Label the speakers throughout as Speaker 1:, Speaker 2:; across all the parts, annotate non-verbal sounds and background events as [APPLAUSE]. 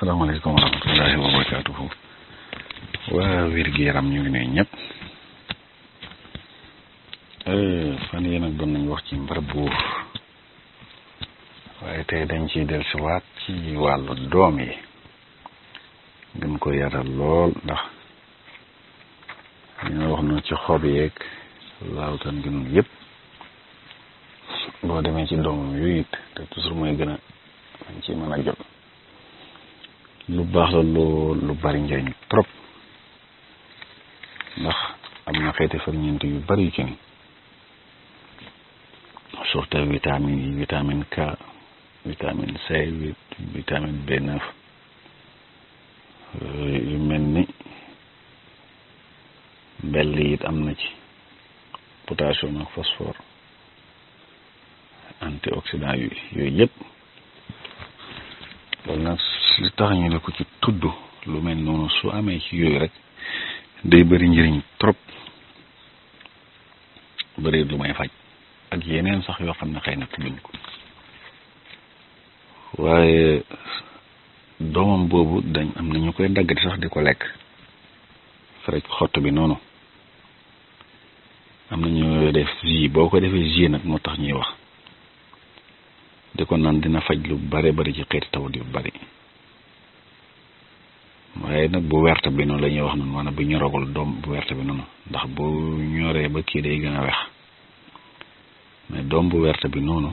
Speaker 1: salaamaaleykum wa rahmatullahi wa barakaatuhu waa wér gi yaram ñu ngi ne ñëpp eh, fan yii nag doon nañ wax ci mbar buur waaye tey dañ ciy dellusiwaat ci wàllu doom yi gën ko yaral lool ndax ñu wax na ci xob yeeg laawtan gënul yëpp boo demee ci doomam yu it te toujours mooy gën dañ ci mën a jot lu baax la lu bari njëriñ trop ndax am na xeeti ferñeent yu bari ci ni surtout vitamine yi vitamine K vitamine C vitamine B9 euh, yu mel ni mbell it am na ci potassium ak phosphore antioxydant yooyu yëpp loolu nag li tax ñu la ko ci tudd lu mel noonu su amee ci yooyu rek day bëri njëriñ trop bëri lu may faj ak yeneen sax yoo xam ne xëy na tudduñ ko waaye doomam boobu dañ am na ñu koy daggati sax di ko lekk fere xott bi noonu am na ñu def jus boo ko defee jus nag moo tax ñuy wax di ko naan dina faj lu bare bari ci xeeti tawat yu bari waaye nag bu werte bi noonu la ñuy wax noonu maanaam bu ñoragul doom bu werte bi noonu ndax bu ñoree ba kii day gën a wex mais doom bu werte bi noonu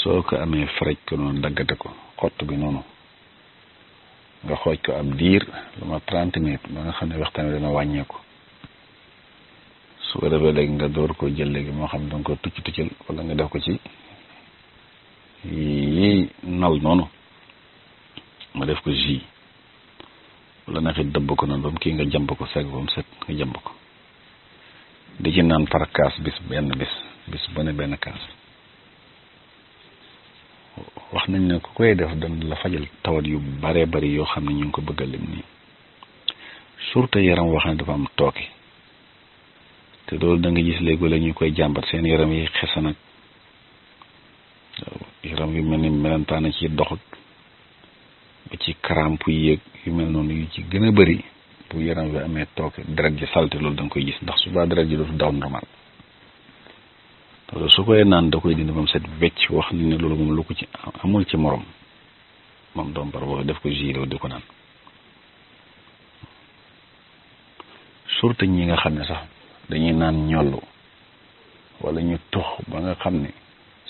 Speaker 1: soo ko amee faraj ko noonu daggate ko xott bi noonu nga xooj ko ab diir lu ma trente minutes ba nga xam ne waxtaan wi dana wàññeeku su ko defee léegi nga door ko jël léegi moo xam danga ko tucc tuccal wala nga def ko ci yii nal noonu ma def ko jus wala naxit dëbb ko noonu ba mu kii nga jàmb ko segg ba mu set nga jàmb ko di ci naan par kaas bis benn bis bis bu benn kaas wax nañ ne ku koy def dana la fajal tawat yu bare bari yoo xam ne ñu ngi ko bëgg a lim nii surtout yaram wax ne dafa am tooke te loolu da nga gis léegi la ñu koy jàmbat seen yaram yi xesa nag yaram yu mel ni melentaan ci doxut ci crampe yéeg yu mel noonu yu ci gën a bari bu yaram bi amee tooke deret ji salte loolu da koy gis ndax subaa deret ji dootu daw normal loolu su koy naan da koy dindi moom set wecc wax ni ne loolu moom lu ko ci amul ci morom moom doom bar boobu def ko giréw di ko naan surtout ñi nga xam ne sax dañuy naan ñollu walla ñu tux ba nga xam ne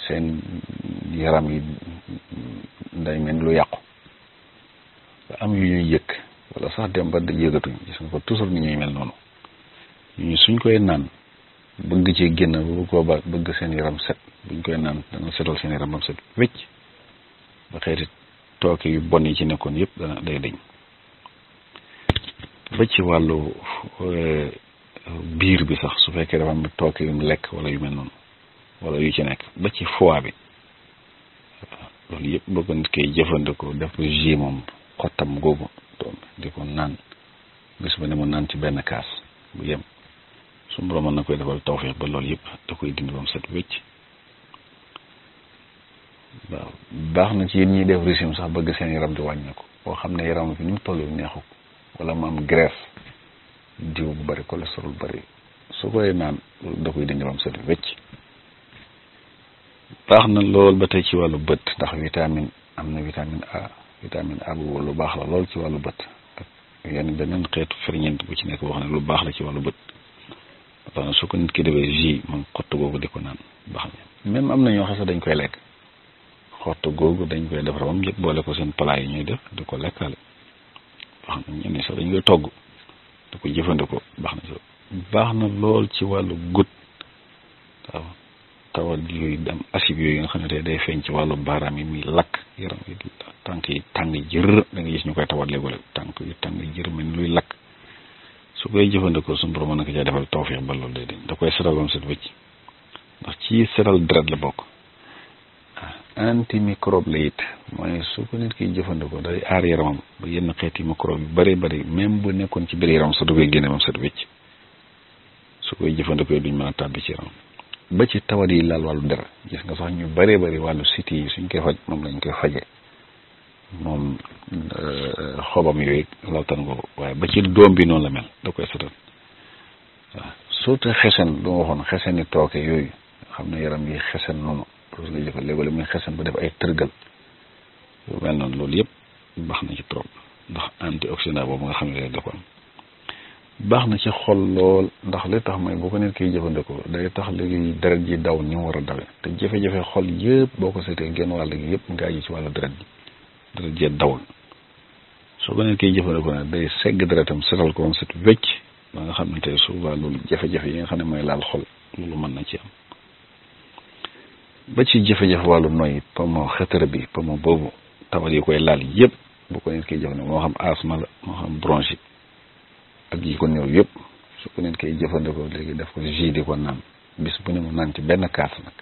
Speaker 1: seen yaram yi day mel lu yàqu am yu ñuy yëg wala sax dem ba yëgatuñ gis nga ko toujours ni ñuy mel noonu suñ koy naan bëgg ci génn bu ko ba bëgg seen yaram set buñ koy naan dana setal seen yaram bam set wécc ba xeeti tooke yu bon yi ci nekkoon yëpp dana day dañ ba ci wàllu eh, biir bi sax su fekkee dafa am tooke yu lekk wala yu mel noonu wala yu ci nekk ba ci foie bi loolu yëpp bëgg nit koy jëfandikoo def ko jus moom xottam gogo doom di ko naan bis bu ne mo nan ci ben kaas bu yem sun borom mën na koy defal tawfiq ba lol yep da koy dindi bam set wécc ba bax na ci yeen ñi def régime sax bëgg seen yaram di wàññeeku boo xam ne yaram fi ñu tollu neexuk wala mo am greffe diw bu bari cholesterol bari su koy nan da koy dindi bam set wécc baax na lool ba ci walu bët ndax vitamine amna vitamine A vitamine A boobu lu baax la lool ci wàllu bët ak yenn beneen xeetu ferñeent bu ci nekk boo xam ne lu baax la ci wàllu bët parce que su ko nit xottu googu di ko naan na même am na ñoo xam dañ koy lekk xottu googu dañ koy defar ba mu boole ko seen yi ñuy def di ko lekkale baax na togg di ko jëfandikoo baax na sax baax na lool ci wàllu gut waaw tawat yooyu am asib yooyu na xam ne tey day feeñ ci wàllu baaraam yi muy lakk. yaram yi tànk yi tàng jër da ngay gis ñu koy tawat léegole tànk yu tàng jër min luy lak su koy jëfandikoo sun borom nak ja defal tawfiq ba loolu day da koy setal bam set wëcc ndax ci sétal deret la bok anti microbe it moy su ko nit ki jëfandikoo day ar yaram ba yenn xéti microbe yu bari bari même bu nekkon ci biir yaram sa dugay gëné mom sét wëcc su koy jëfandikoo duñ mëna tabbi ci yaram ba ci tawat yi laal wàllu der gis nga sax ñu bëree bëri wàllu cité yi suñ koy faj moom lañ koy faje moom euh, xobam yooyu lawtan ko waaye ba ci doom bi noonu la mel da koy satan waaw surtout xesen lu ma waxoon xeseni tooke yooyu xam ne yaram yi xesen noonu loolu la jëfal léeg-léeg muy xesen ba def ay tërgal yu mel loolu yëpp baax na ci trop ndax antioxydant boobu nga xam ne da ko am baax na ci xol lool ndax li tax mooy bu ko nit kiy jëfandikoo day tax léegi deret ji daw ni mu war a dawe te jafe-jafe xol yëpp boo ko seetee genn wàll gi yëpp nga ji ci wàllu deret ji deret jee dawul su kiy jëfandikoo nag day segg deretam setal ko set wecc nga xam ne te souvent loolu jafe-jafe yi nga xam ne mooy laal xol loolu mën na ci am ba ci jafe-jafe wàllu noyyi pomo xetara bi pomo boobu tawat yi koy laal yëpp bu ko nit kiy jëfandikoo moo xam asma la moo xam bronchite ak yi ko néew yëpp su ko neen koy jëfandikoo léegi def ko jus di ko naan bis bu ne mu naan ci benn kaas nag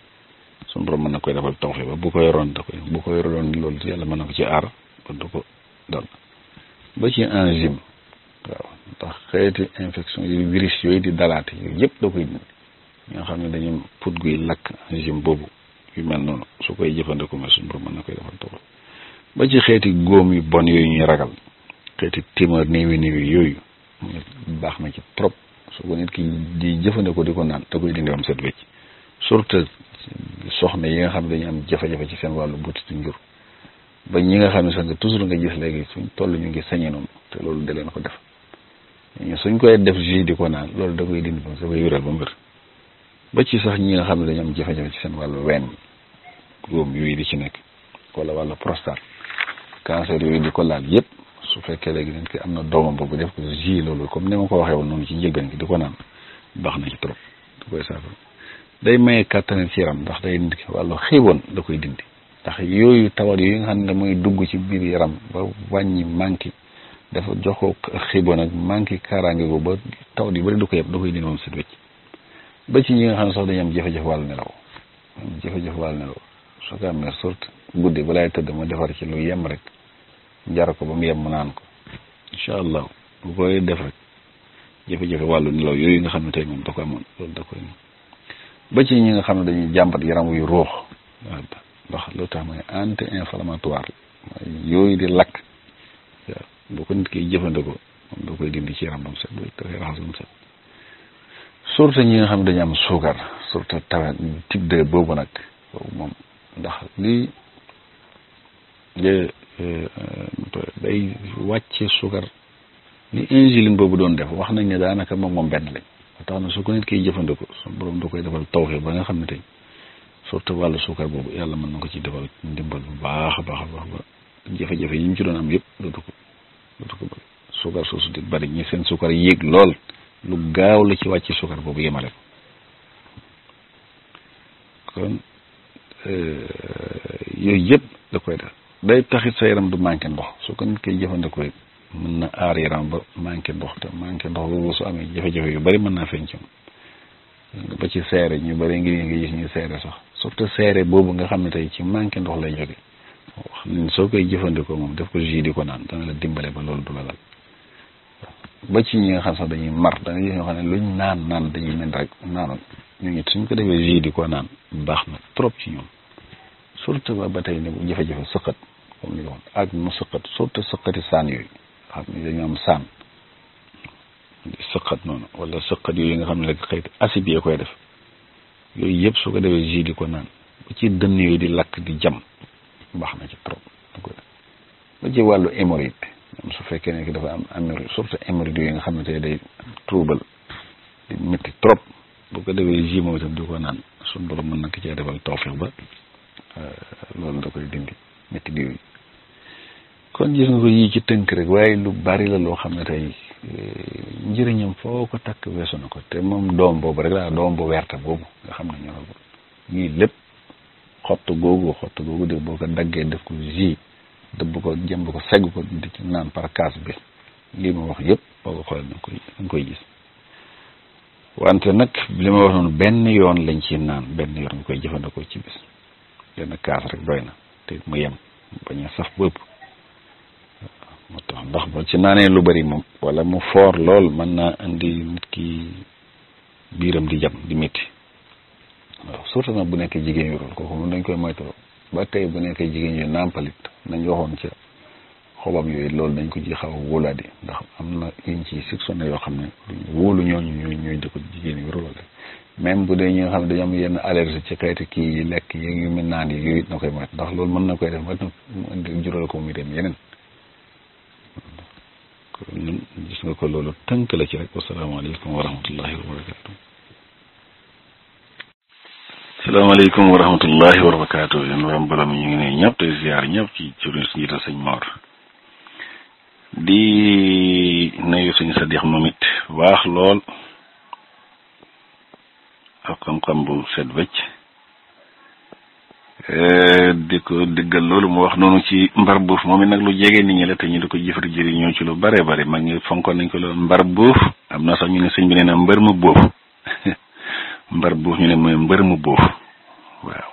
Speaker 1: suñu mën na koy defal tawfeex ba bu ko yoroon da koy ko yoroon loolu yàlla mën na ko ci aar ba ko dal ci enzyme waaw ndax xeeti infection yu virus yooyu di dalaate yooyu yëpp da koy dindi ñoo xam ne dañu put guy lakk enzyme boobu yu mel noonu su koy jëfandikoo mais suñu borom mën na koy defal tawfeex ba ci xeeti góom yu bon yooyu ñuy ragal xeeti tumeur néewi néewi yooyu baax na ci trop su ko nit ki di jëfandikoo di ko naan te koy dindi am set wecc surtout soxna yi nga xam ne dañu am jafe-jafe ci seen wàllu butitu njur ba ñi nga xam ne sax toujours nga gis léegi suñ toll ñu ngi sañe noonu te da leen ko def suñ koy def jus di ko naan loolu da koy dindi ba da koy wéral ba ba ci sax ñi nga xam ne dañu am ci seen wàllu ween góom yooyu di ci nekk wala wàllu prostate cancer yooyu di ko laal yëpp su fekkee léegi nit ki am na doomam boobu def ko ji loolu comme ni ma ko waxee woon noonu ci njëlbeen gi di ko naan baax na ci trop da koy saafara day maye kàttan ci yaram ndax day nit ki wàllu xiiboon da koy dindi ndax yooyu tawat yi nga xam ne mooy dugg ci biir yaram ba wàññi manqué dafa jox ko xiiboon ak manqué kaaraange ko ba tawat yu bëri du ko yëpp da koy dindi moom si wécc ba ci ñi nga xam ne sax da am jafe-jafe wàllu nelaw jafe-jafe wàllu nelaw soo ko amee surtout guddi balaay tëdd defar ci lu yem rek. jar ko ba mu yem mu naan ko incha allah bu koy def rek jafe-jafe wàllu nelaw yooyu nga xam ne tey moom da koy ba ci ñi nga xam ne dañuy jàmbat yaram wuy ruux ndax loo tax mooy anti inflammatoire di lakk waaw ko nit jëfandikoo moom da koy dindi ci yaram ba mu set da ñi nga xam ne dañu am suukar surtout tawa type nag boobu Euh, day wàcce suukar ni insuline boobu doon def wax nañ ne daanaka moom moom benn lañ tax na su ko nit kiy jëfandikoo su borom da koy defal tawfeex ba nga xam ne tey surtout wàllu suukar boobu yàlla mën na ko ci defal ndimbal bu baax baax a baax ba jafe-jafe yi ci doon am yëpp dootu ko dootu ko bëri suukar soosu di bëri ñi seen suukar yéeg lool lu gaaw la ci wàcce suukar boobu yemale ko kon euh, yooyu da koy def day taxit sa yaram du manqué ndox su ko nit koy jëfandikoo mën na aar yaram ba manqué ndox te manqué ndox boobu su amee jafe yu bari mën naa feeñ ci moom ba ci seere ñu bari ngir nga ñu seere sax surtout seere boobu nga xam ne tey ci manqué ndox lay jóge xam ne soo koy jëfandikoo moom def ko jus di ko naan dana la dimbale ba loolu du la dal ba ci ñi nga xam sax dañuy mar da nga gis ñoo xam ne luñ naan naan dañuy mel rek naanoon ñu ngi suñ ko defee jus di ko naan baax na trop ci ñoom. surtout ba ba tey ni bu jafe-jafe sëqat comme ni ko waxee ak mu sëqat surtout sëqati saan yooyu xam ne dañu am saan di sëqat noonu wala sëqat yooyu nga xam ne rek xëy acide koy def yooyu yëpp su ko defee jus ci dënn yooyu di lakk di jam baax na ci ci wàllu hémorroïde su fekkee ne dafa am hémorroïde surtout hémorroïde yooyu nga xam ne tey day trouble di métti trop bu ko defee jus moom itam di ko naan su borom mën na ko cee defal tawfeex ba Euh, loolu da koy dindi métti diw yi kon gis nga ko yii ci tënk rek waaye lu bari la loo xam ne tey euh, njëriñam fooko takk weesu na ko te moom doom boobu rek laa doom bu werta boobu nga xam ne ñoragul yii lépp xottu googu xottu ko daggee def ko ji ko jëmb ko segg ci naan par kaas bi lii ma wax yëpp boo ko xoolee danga koy danga wante nag li ma wax noonu benn yoon lañ ci naan benn yoon nga koy jëfandikoo ci bis benn kaas rek doy na te mu yem bañ a sax bëpp moo tax ndox ba ci naanee lu bari moom wala mu foor lool mën naa indi nit ki biiram di jam di métti waaw surtout bu nekk jigéen yu ko kooku moom dañ koy moytoo ba tey bu nekkee jigéen yu nàmpalit nañ waxoon ci xobam yooyu loolu dañ ko ci xaw a ndax am na ci sectionné yoo xam ne duñ wóolu jigéen yu lool même bu dee ñi nga xam ne dañoo ci xeetu kii yi lekk yi yu mel naan yi yooyu it na koy moytu ndax loolu mën na koy def ba mu jural ko mu dem yeneen gis nga ko loolu tënk la ci rek wasalaamaaleykum wa rahmatullahi wa barakaatu. salaamaaleykum wa rahmatullahi wa barakaatu yéen waa mbooloo mi ñu ngi ne ñëpp tey ziar ñëpp ci ci njiital di nuyu suñu sa dix moom waax lool. xam-xam bu set wecc eh, di ko diggal loolu mu wax noonu ci mbar buuf moom it nag lu jege nit ñi la te ñu di ko jëfar jëriñoo ci lu bare bare mag ñi fonkoon nañ ko loolu mbar buuf am na sax ñu ne sëñ bi nee na mbër mu buuf [LAUGHS] mbar buuf ñu ne mooy mbër mu buuf waaw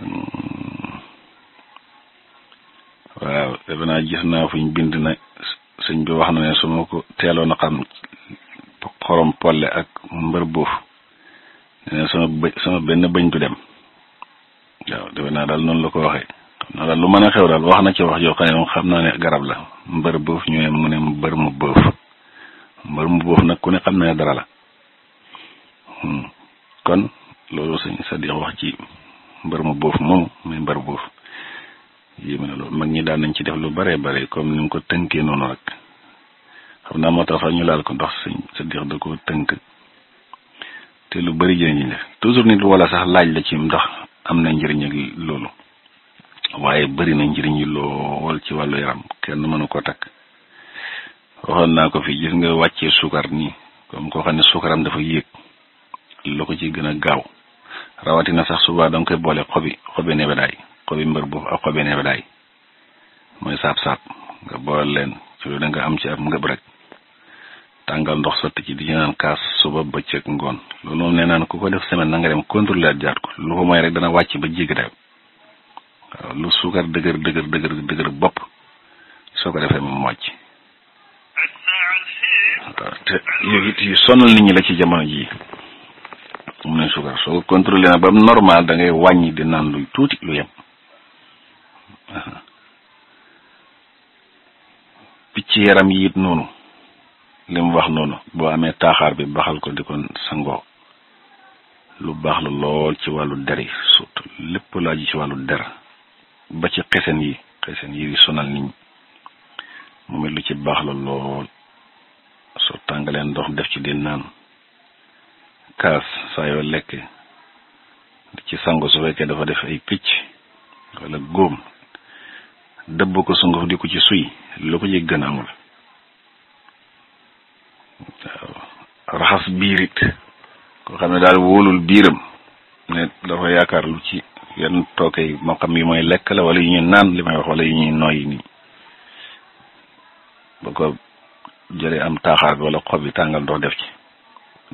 Speaker 1: hmm. waaw defe naa gis naa fuñ bind na sëñ bi wax na ne su ko teeloon a xam xorom polle ak mbër buuf ne sama bë sama benn bëñ du dem waaw defe naa daal noonu la ko waxee xam naa daal lu mën a xew daal wax na ci wax yoo xam ne xam naa ne garab la mbër boof ñëwee mu ne mbër mu boof mbër mu boof nag ku ne xam na dara la hmm. kon loolu sëñ Sadiq wax ci mbër mu boof moomu muy mbër boof yéeme na loolu mag ñi daan nañ ci def lu bare bare comme ni mu ko tënkee noonu rek xam naa moo tax fa ñu laal ko ndax sa Sadiq da ko tënk te lu bari jëriñ la toujours nit wala sax laaj la ci mu ndax am na njëriñ ak loolu waaye bari na njëriñ yi lool ci wàllu yaram kenn mënu ko takk waxoon naa ko fi gis nga wàccee sukar nii comme koo xam ne sukaram dafa yéeg lu ko ci gën a gaaw rawatina sax subaa danga koy boole xobi xobi nebedaay xobi mbër boobu ak xobi nebedaay mooy saab saab nga boole leen ci lu da am ci ab bu rek tàngal ndox sotti ci di ci naan kaas suba bëccëg ngoon loolu moom nee naan ku ko def semaine na nga dem contrôler at jaar ko lu ko mooy rek dana wàcc ba jéggi dayo waaw lu suukar dëgër dëgër dëgër dëgër bopp soo ko defee moom wàcc waaw te yooyu it yu nit ñi la ci jamono jii mu ne suukar soo ko nag ba normal da ngay wàññi di naan lu tuuti lu yem picc yaram yi it noonu li wax noonu boo amee taaxaar bi baxal ko di ko sangoo lu baax la lool ci wàllu der yi surtout lépp laa ji ci wàllu der ba ci xesen yi xesen yi sonal nit ñi moom it lu ci baax la lool soo tàngalee ndox def ci di naan kaas saa yoo lekk ci sango su fekkee dafa def ay picc wala góom dëbb ko sunguf di ko ci suy lu ko ci gën amul waaw raxas biirit koo xam ne daal wóolul biiram ne dafa yaakaar lu ci yenn tooke moo xam yi mooy lekk wala yu ñuy naan li may wax wala yu ñuy noyyi nii ba ko jëlee am taaxaar bi wala xob bi tàngal ndox def ci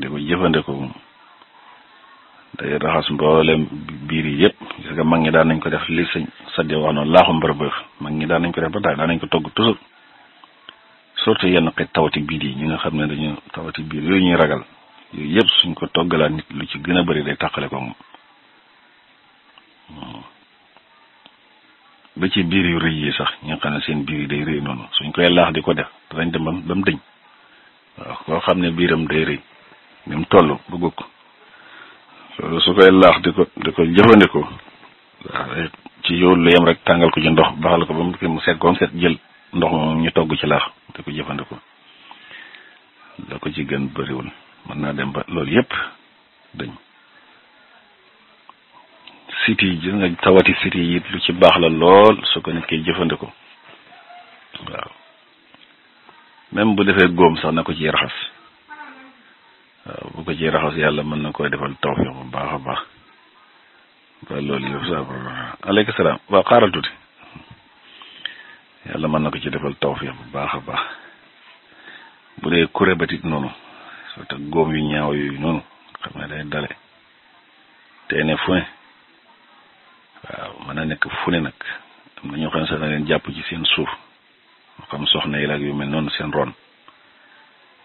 Speaker 1: di ko jëfandikoo moom day raxas mboolem biir yi yëpp gis nga daan nañ ko def li sëñ Sadio wax noonu laaxu mbërëbëf mag ñi daan nañ ko def ba taay daan nañ ko togg toujours surtout yenn xeet tawati biir yi ñu nga xam ne dañu tawati biir yooyu ñuy ragal yooyu yëpp suñ ko toggalaa nit lu ci gën a bari day tàqale ko moom hmm. ba ci biir yu rëy yi sax ñi nga xam ne seen biir yi day rëy noonu suñ koy laax di ko def danañ dem ba mu dëñ waaw koo xam ne biiram day rëy ni mu toll bëgg ko su koy laax di ko di ko jëfandikoo waaw ci yow lu yem rek tàngal ko ci ndox baxal ko ba mu set ko set jël ndox moom ñu togg ci laax te ko jëfandikoo la ko ci gën bëriwul mën naa dem ba loolu yépp dañ siti yi gis nga tawati siti yi lu ci baax la lool su ko nit koy jëfandikoo waaw même bu defee góom sax na ko ci raxas waaw bu ko ciy raxas yàlla mën na koy defal tawfiq bu baax a baax ba loolu yëpp saa aleykum salaam waaw xaaral tuuti yàlla mën na ko ci defal tawfiq bu baax a baax bu dee kurébatit noonu soo tax yu ñaaw yooyu noonu xam ne day dale tey ne waaw mën na nekk fu nag am na ñoo xam ne sax na leen jàpp ci seen suuf moo xam soxna yi la yu mel noonu seen ron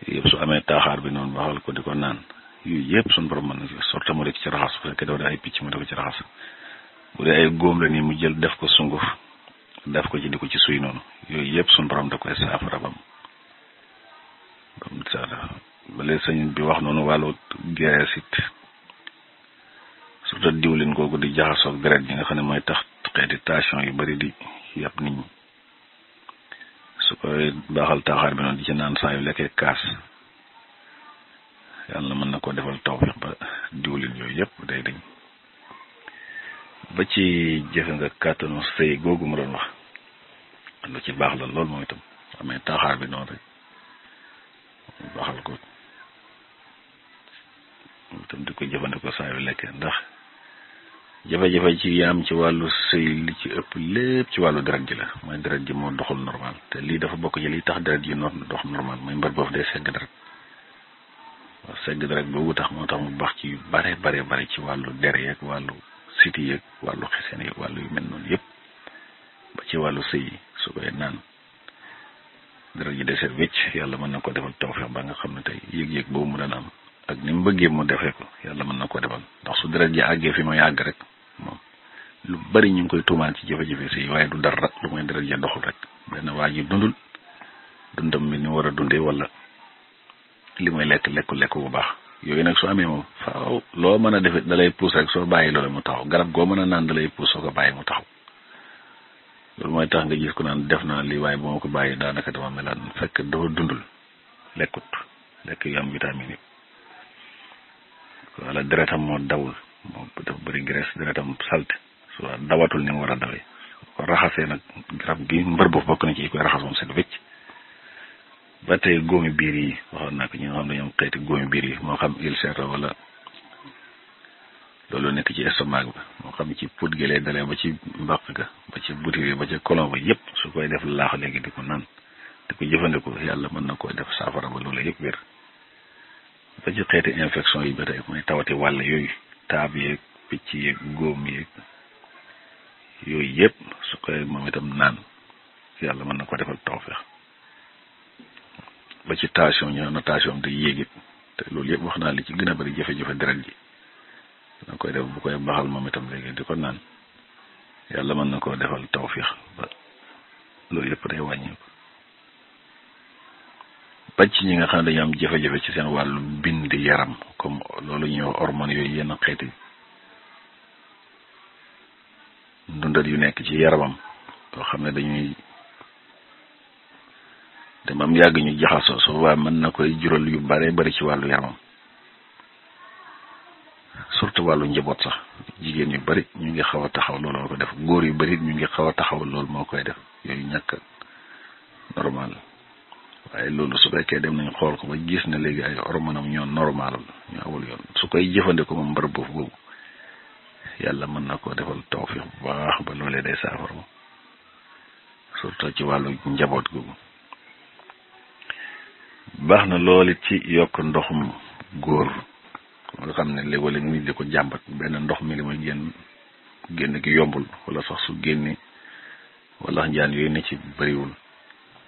Speaker 1: yëpp su amee taaxaar bi noonu waxal ko di ko naan yooyu yëpp suñu borom mën na ci sorta mu def ci raxas bu fekkee dafa dee ay picc mu def ko ci raxas bu de ay góom la nii mu jël def ko sunguf daf ko jëndi ko ci suy noonu yooyu yëpp suñ borom da koy saafara bam bale sëñ bi wax noonu wàllu gerees it surtout diwlin googu di jaxasoog deret yi nga xam ne mooy tax xeeti tension yu bari di yàpp nit ñi su koy baaxal taaxaar bi noonu di ci naan saa yu lekkee kaas yàlla mën na ko defal taw ba diwlin yooyu yëpp day dañ ba ci jëfe nga kàttanu sëy googu mu doon wax lu ci bax la lol moy tam amé taxar bi non rek baxal ko tam diko di ko jëfandikoo saa yu lekk ndax jafe-jafe ci yam ci walu sey li ci ëpp lepp ci walu dara ji la moy dara ji mo doxul normal te li dafa bokk ci li tax dara ji non dox normal moy mbar boobu day segg deret waaw dara bu wu tax mo tax mu bax ci bare bare bare ci walu der yak walu city yak walu xeseen yeeg wàllu yu mel non yépp ci wàllu sëy su koy naan dara ji desee wécc yàlla mën na ko defal tawfeex ba nga xam ne tey yëg-yëg boobu mu daan am ak ni mu bëggee mu defee ko yàlla mën na ko defal ndax su dara ji àggee fi muy àgg rek lu bari ñu ngi koy tuumaal ci jafe-jafe sëy waaye du dara lu muy dara ji doxul rek benn waa ji dundul dundam bi ni war a dundee wala li muy lekk lekku lekk bu baax yooyu nag su amee moom faaw loo mën a defit dalay puus rek soo bàyyi loolu mu taxaw garab goo mën a naan dalay puus soo bàyyi mu taxaw loolu mooy tax nga gis ko naan def naa lii waaye bu ma ko bàyyi daanaka dama melaat fekk dafa dundul lekkut lekk yu am vitamine yi wala deretam moo dawul moom dafa bëri graisse deretam salte su dawatul ni mu war a dawee ko raxasee nag garab gi mbër boobu bokk na ci yi koy raxas moom seen wécc ba tey góomi biir yi waxoon naa ko ñi nga xam ne ñoom xeeti góomi biir yi moo xam ulcère walla loolu nek ci estomac ba mo xam ci pout gele dalé ba ci mbaq ga ba ci buti ba ci colon ba yépp su koy def laax léegi di ko naan di ko jëfandikoo mën na ko def safara ba loola yépp wër ba ci xeeti infection yi ba tey mooy tawati yoy tab yi ak picc yeeg góom yeeg yoy yépp su koy moom itam nan yalla mën na ko defal tawfiq ba ci tension ñu na tension day yéegit te loolu yépp wax na li ci gëna bari jëfë jëfë jafe gi na koy def bu koy baxal moom itam léegi di ko naan yàlla mën na koo defal tawfiix loolu yëpp day wàññiku ba ci ñi nga xam ne dañu am jafe-jafe ci seen wàllu bind yaram comme loolu ñuy wax hormone yooyu yenn xeeti ndundal yu nekk ci yaramam yoo xam ne dañuy demam yàgg ñu jaxasoo soo waa mën na koy jural yu bare bari ci wàllu yaramam surtout wàllu njaboot sax jigéen yu bari ñu ngi xaw a taxaw loolu moo ko def góor yu bari ñu ngi xaw a taxaw loolu moo koy def yooyu ñàkk normal waaye loolu su dem nañ xool ko ba gis léegi ay hormonam ñoo normal ñu awul yoon su koy jëfandikoo moom mbar boobu yàlla mën na koo defal tawfiix bu baax ba loolee day saafara moom surtout ci wàllu njaboot googu baax na lool it ci yokk ndoxum góor nga xam ne léeg-léeg nit ko jàmbat benn ndox mi li muy génn génn gi yombul wala sax su génne wala njaan yooyu ne ci bariwul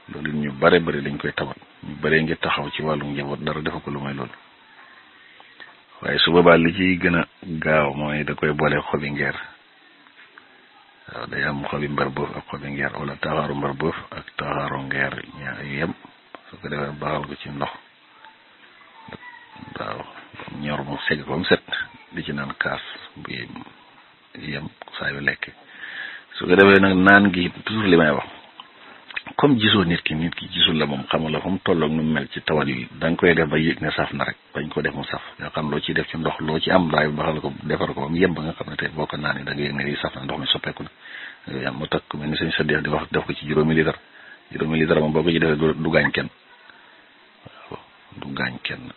Speaker 1: loolu ñu bare bari dañ koy tabat ñu bare ngi taxaw ci wàllu njaboot dara defa ko lu may loolu waaye su boobaa li ci gën a gaaw mooy da koy boole xobi ngeer waaw day am xobi mbar boof ak xobi ngeer wala taxaaru mbar boof ak taxaaru ngeer ñaar yem ko defee baaxal ko ci ndox ñor mu sej ba set di ci naan kaas bu yem saa yu lekk su ko defee nag naan gi toujours li may wax comme gisoo nit ki nit ki gisul la moom xamul la fa mu tolloog nu mel ci tawal yi da nga koy def ba ne saf na rek bañ ko def mu saf nga xam loo ciy def ci ndox loo ci am daay baxal ko defar ko mu yem ba nga xam ne tey boo ko naanee da nga yëg ne saf na ndox mi soppeeku na yooyu am mu takk mel ni sa di wax def ko ci juróomi litre juróomi litre moom boo ko ci defee du gaañ kenn du gaañ kenn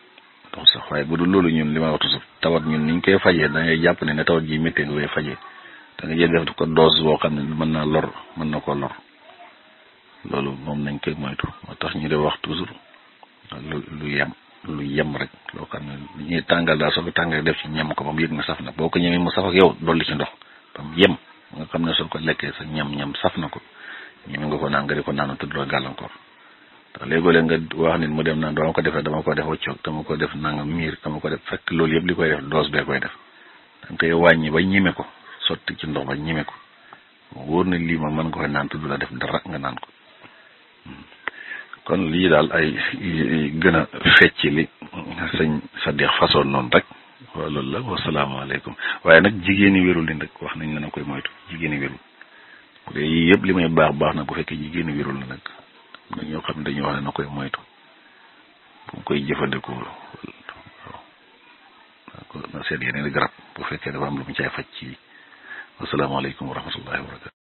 Speaker 1: bon sax waaye bu loolu ñun li ma wax toujours tawat ñun ni ñu koy fajee dangay ngay jàpp ne ne tawat ji méttee nga koy fajee da nga ko dose boo xam ne mën naa lor mën na koo lor loolu moom nañ koy moytu moo tax ñu de wax toujours lu lu yem lu yem rek loo xam ne ñuy tàngal daal soo ko tàngal def ci ñam ko ba mu yëg na saf na boo ko ñemee mu saf ak yow dolli ci ndox ba mu yem nga xam ne soo ko lekkee sa ñam-ñam saf na ko ñu nga ko naan nga di ko naan te du la gàllankoor. ndax leen nga waax nit mu dem naan dama ko def rek dama ko def waccoog dama ko def nanga miir dama ko def fekk loolu yëpp li koy def doos bee koy def danga koy wàññi ba ñime ko sotti ci ndox ba ñime ko wóor na lii ma mën nga koy naan la def dara nga naan ko kon lii daal ay gën a li sëñ sa deex façon noonu rek loolu la wasalaamaaleykum waaye nag jigéen ñi wérul li nag wax nañ ne koy moytu jigéen ñi wérul bu yëpp li may baax baax na bu fekkee jigéen ñi wérul la nag na ñoo xam ne dañuy wax ne na koy moytu bu mu koy jëfandikoo waaw na seet yeneen garab bu fekkee dafa am lu mu caay faj ci wasalaamaaleykum wa